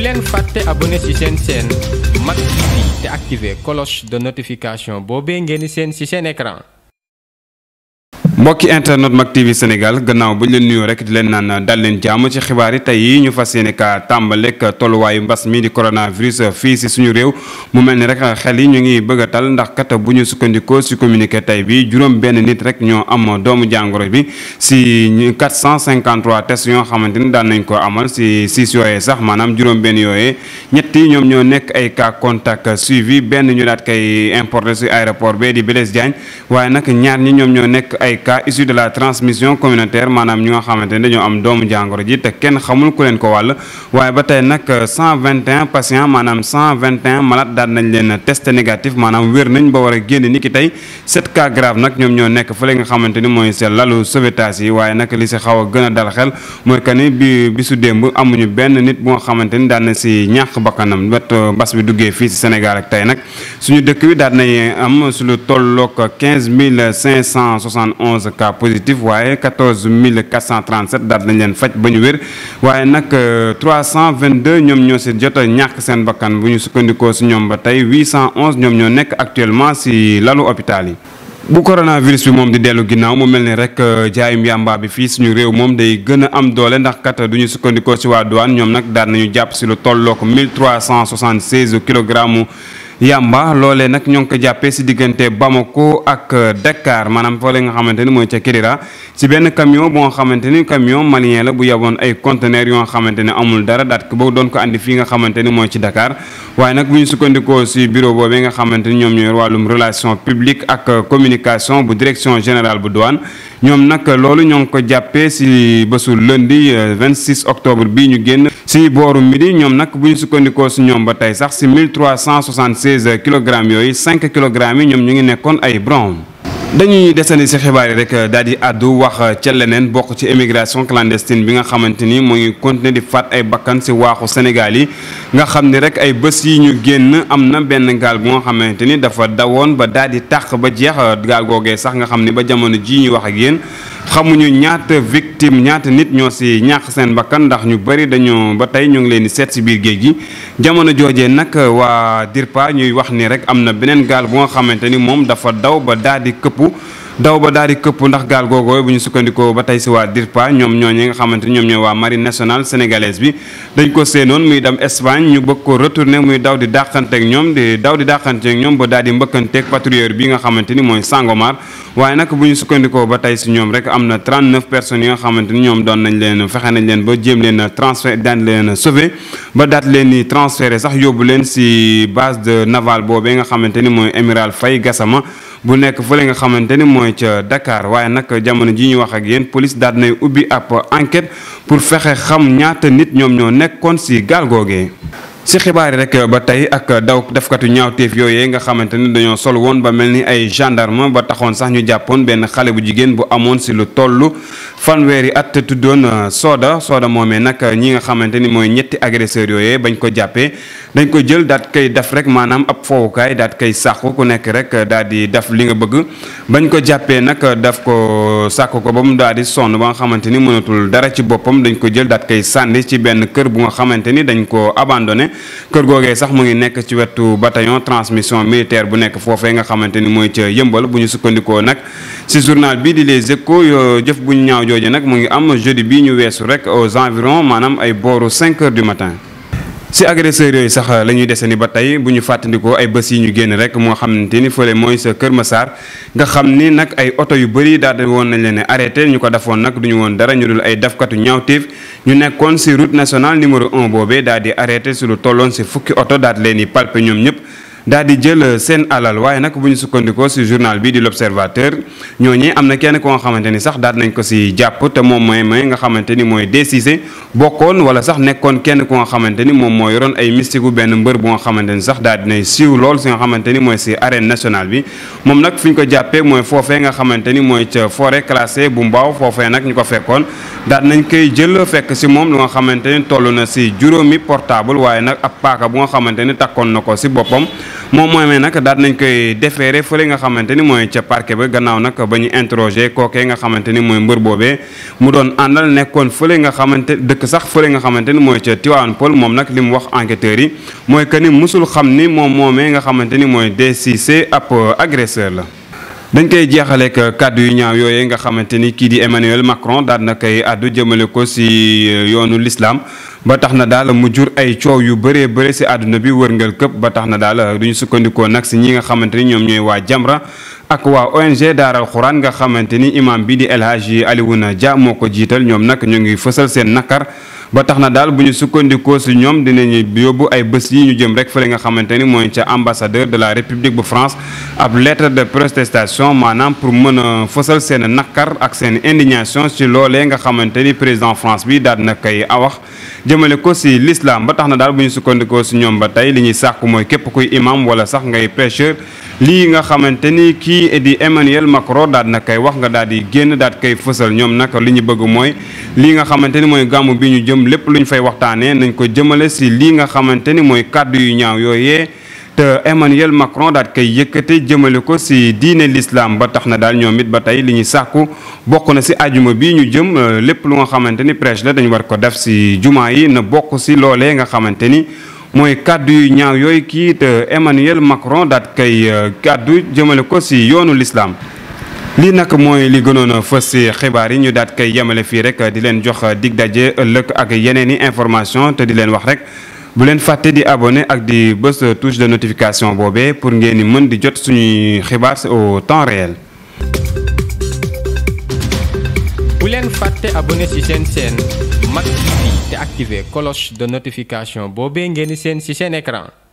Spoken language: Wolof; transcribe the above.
bu leen fàtte abonné ci seen seen Mak TV te activer cloche de notification boobee ngeen seen ci seen écran mbokki internet Mak TV Sénégal gannaaw bu ñu leen nuyoo rek di leen naan dal leen jàmm ci xibaar yi tey yi ñu fas yéene ka tàmbalek tolluwaayu mbas mi di coronavirus fii si suñu réew mu mel ni rek xel yi ñu ngi bëgg a tal ndax kat bu ñu sukkandikoo si communiqué tey bi juróom benn nit rek ñoo am doomu jàngoro bi si 453 tests yoo xamante ni daan nañ ko amal si six yooyee sax maanaam juróom benn yooyee ñetti ñoom ñoo nekk ay cas contact suivi benn ñu daat koy importé si aéroport bi di Blaise Diagne waaye cas issus de la transmission communautaire maanaam ñu nga xamante dañoo am doomu jàngoro ji te kenn xamul ku leen ko wàll waaye ba tey nag 121 euh, patients maanaam 121 malades nañ leen testé négatif maanaam wér nañ ba war a génn ni ki tey 7 cas grave nag ñoom ñoo nekk fële nga xamante mooy seen lalu sauvetage yi waaye nag li si xaw a gën a dal xel mooy que bi bisu démb amuñu benn nit bu nga xamante daan na si ñàkk bakkanam wet bas bi onze cas positif waaye quatorze mille quatre cent leen faj ba ñu wér waaye nag euh, trois cent vingt deux ñoom ñoo si jot a ñàkk seen bakkan bu ñu sukkandikoo si ñoom ba tey huit cent onze ñoom ñoo nekk actuellement si lalu hôpital yi. bu coronavirus bi moom di dellu ginnaaw mu mel ni rek euh, jaayum yàmbaa bi fii suñu réew moom day gën a am doole ndax kat du ñu sukkandikoo si waa douane ñoom nag daal nañu jàpp si lu tollook mille trois cent soixante seize kilogramme yàmba loolee nag ñoo ngi ko jàppee si diggante Bamako ak euh, Dakar maanaam foolee nga xamante ni mooy ca Kidira si benn camion bu nga xamante ni camion malien la bu yaboon ay conteneurs yoo nga xamante ne amul dara daat ko ba doon ko indi fii nga xamante ni mooy ci dakaar waaye nag bu ñu sukkandikoo si bureau boobee nga xamante ni ñoom ñooy wàllum relation publique ak euh, communication bu direction général bu douane ñoom nag loolu ñoo ngi ko jàppee si bésu lundi 26 euh, octobre bii ñu génn si booru midi ñoom nag bu ñu sukkandikoo si ñoom ba tey sax si 1376 kilogrammes yooyu 5 kilogrammes yi ñoom ñu ngi nekkoon ay brom dañuy desandi si xibaar yi rek daal di àddu wax ca leneen bokk ci émigration clandestine bi nga xamante ni mu ngi continuer di faat ay bakkan si waaxu Sénégal yi nga xam ni rek ay bés yi ñu génn am na benn gaal bu nga xamante ni dafa dawoon ba daal di tàq ba jeex gaal googee sax nga xam ni ba jamono jii ñu wax ak yéen xamuñu ñaata victime ñaata nit ñoo si ñàkk seen bakkan ndax ñu bëri dañu ba tey ñu ngi leen di seet si biir gi jamono joojee nag waa DIRPA ñuy wax ni rek am na beneen gaal bu nga xamante ni moom dafa daw ba daal di këpp këpp daw ba daal di këpp ndax gaal googooy bu ñu sukkandikoo ba tey si waa DIRPA ñoom ñooñu nga xamante ni ñoom ñooy waa marine nationale sénégalaise bi dañ ko séenoon muy dem Espagne ñu bëgg ko retourné muy daw di dàqanteeg ñoom di daw di dàqanteeg ñoom ba daal di mbëkkanteeg patrouilleur bi nga xamante ni mooy Sangomar waaye nag bu ñu sukkandikoo ba tey si ñoom rek am na 39 personnes yi nga xamante ni ñoom doon nañ leen fexe nañ leen ba jéem leen a transfert leen a ba daat leen ni transféré sax yóbbu leen si base de navale boobee nga xamante ni mooy Amiral Faye Gassama bu nekk fële nga xamante ni mooy ca dakaar waaye nag jamono ji ñu wax ak yéen police daal nay ubbi ab enquête pour fexe xam ñaata nit ñoom ñoo nekkoon si gaal googee si xibaar yi rek ba tey ak daw defkatu ñaawteef yooyee nga xamante ni dañoo sol woon ba mel ni ay gendarme ba taxoon sax ñu jàppoon benn xale bu jigéen bu amoon si lu toll fanweeri at tuddoon euh, Soda sooda moomee nag ñi nga xamante ni mooy ñetti agresseurs yooyee bañ ko jàppee dañ ko jël daat kay def rek maanaam ab foowukaay daat koy sàqu ku nekk rek daal di def li nga bëgg bañ ko jàppee nag daf ko sàq ko ba mu daal di sonn ba nga xamante ni mënatul dara ci boppam dañ ko jël daat koy sànni ci benn kër bu nga xamante ni dañ ko abandonné kër googee sax mu ngi nekk ci wetu bataillon transmission militaire bu nekk foofee nga xamante ni mooy ca yëmbal bu ñu sukkandikoo nag si journal bii di les échos yoo jëf bu ñu ñaaw jooje nag mu ngi am jeudi bii ñu weesu rek aux environs maanaam ay booru 5 heures du matin si agresseurs yooyu sax lañuy ñuy dese ni ba tey bu ñu fàttandikoo ay bés yi ñu génn rek moo xamante ni fële mooy sa Kër Massar nga xam ni nag ay oto yu bëri daal di woon nañ leen ne arrêté ñu ko defoon nag duñu woon dara ñu dul ay dafkatu ñaawteef ñu nekkoon si route nationale numéro 1 boobee daal di arrêté su lu tolloon si fukki oto daal di leen di palpe ñoom ñëpp. daal di jël euh, seen alal waaye nag bu ñu sukkandikoo si journal bi di l'observateur ñooñee am na kenn ko nga xamante ni sax daal nañ ko si jàpp te moom mooy mooy nga xamante ni mooy décisé bokkoon wala sax nekkoon kenn ku nga xamante ni moom moo yoroon ay mystique benn mbër bu nga xamante ni sax daal dinay siiw lool si nga xamante ni mooy si arène nationale bi moom nag fi ñu ko jàppee mooy foofee nga xamante ni mooy ca forêt classée bu mbaaw foofee nag ñu ko fekkoon daal nañ koy jël fekk si moom lu nga xamante ni toll na si juróomi portable waaye nag ab paaka bu nga xamante ni takkoon na ko si boppam moom mooy nag daal nañ koy defeere fële nga xamante ni mooy ca parquet ba gannaaw nag ba ñu interroger kookee nga xamante ni mooy mbër boobee mu doon àndal nekkoon fële nga xamante dëkk sax fële nga xamante ni mooy ca Tivaouane Peulh moom nag li mu wax enquêteurs yi mooy que ni musul xam ni moom moomee nga xamante ni mooy DCC ab agresseur la dañ koy jeexaleek kàddu yu ñaaw yooyee nga xamante ni kii di Emmanuel Macron daal na koy àddu jëmale ko si yoonu l'islam ba tax na daala mu jur ay coow yu bëree bëri si àdduna bi wërngal këpp ba tax na daal du ñu sukkandikoo nag si ñi nga xamante ni ñoom ñooy waa Jamra ak waa ONG Daaral Xuraan nga xamante ni imam bi di El Hadji Alioune Dia moo ko jiital ñoom nag ñu ngi fësal seen nakar ba tax na daal bu ñu sukkandikoo si ñoom dinañu yóbbu ay bés yi ñu jëm rek fële nga xamante ni mooy ca ambassadeur de la république bu France ab lettre de protestation maanaam pour mën a fësal seen naqar ak seen indignation ci loolee nga xamante ni président France bi daal na koy wax jëmale ko si lislaam ba tax na daal bu ñu sukkandikoo si ñoom ba tey li ñuy sàkku mooy képp kuy imam wala sax ngay prêcheur lii nga xamante ni kii di Emmanuel Macron daal na koy wax nga daal di génn daal koy fësal ñoom nag li ñu bëgg mooy lépp lu ñu fay waxtaanee nañ ko jëmale si lii nga xamante ni mooy kàddu yu ñaaw yooyee te Emmanuel Macron daat kay yëkkate jëmale ko si diine lislaam ba tax na daal ñoom it ba tey li ñuy sàkku bokk na si ajuma bi ñu jëm euh, lépp lu nga xamante ni prêche la dañu war ko def si jumaa yi na bokk si loolee nga xamante ni mooy kàddu yu ñaaw yooyu kii te Emmanuel Macron daat kay euh, kàddu jëmale ko si yoonu lislaam lii nag mooy li gënoon a fës si xibaar yi ñu daat koy yemale fii rek di leen jox dig daje ëllëg ak yeneen i information te di leen wax rek bu leen fàtte di abone ak di bës touche de notification boobee pour ngeen di mën di jot suñuy xibaar au temps réel. bu leen fàtte abonné ci seen seen Mak TV te activer cloche de notification boobee ngeen di seen ci seen écran.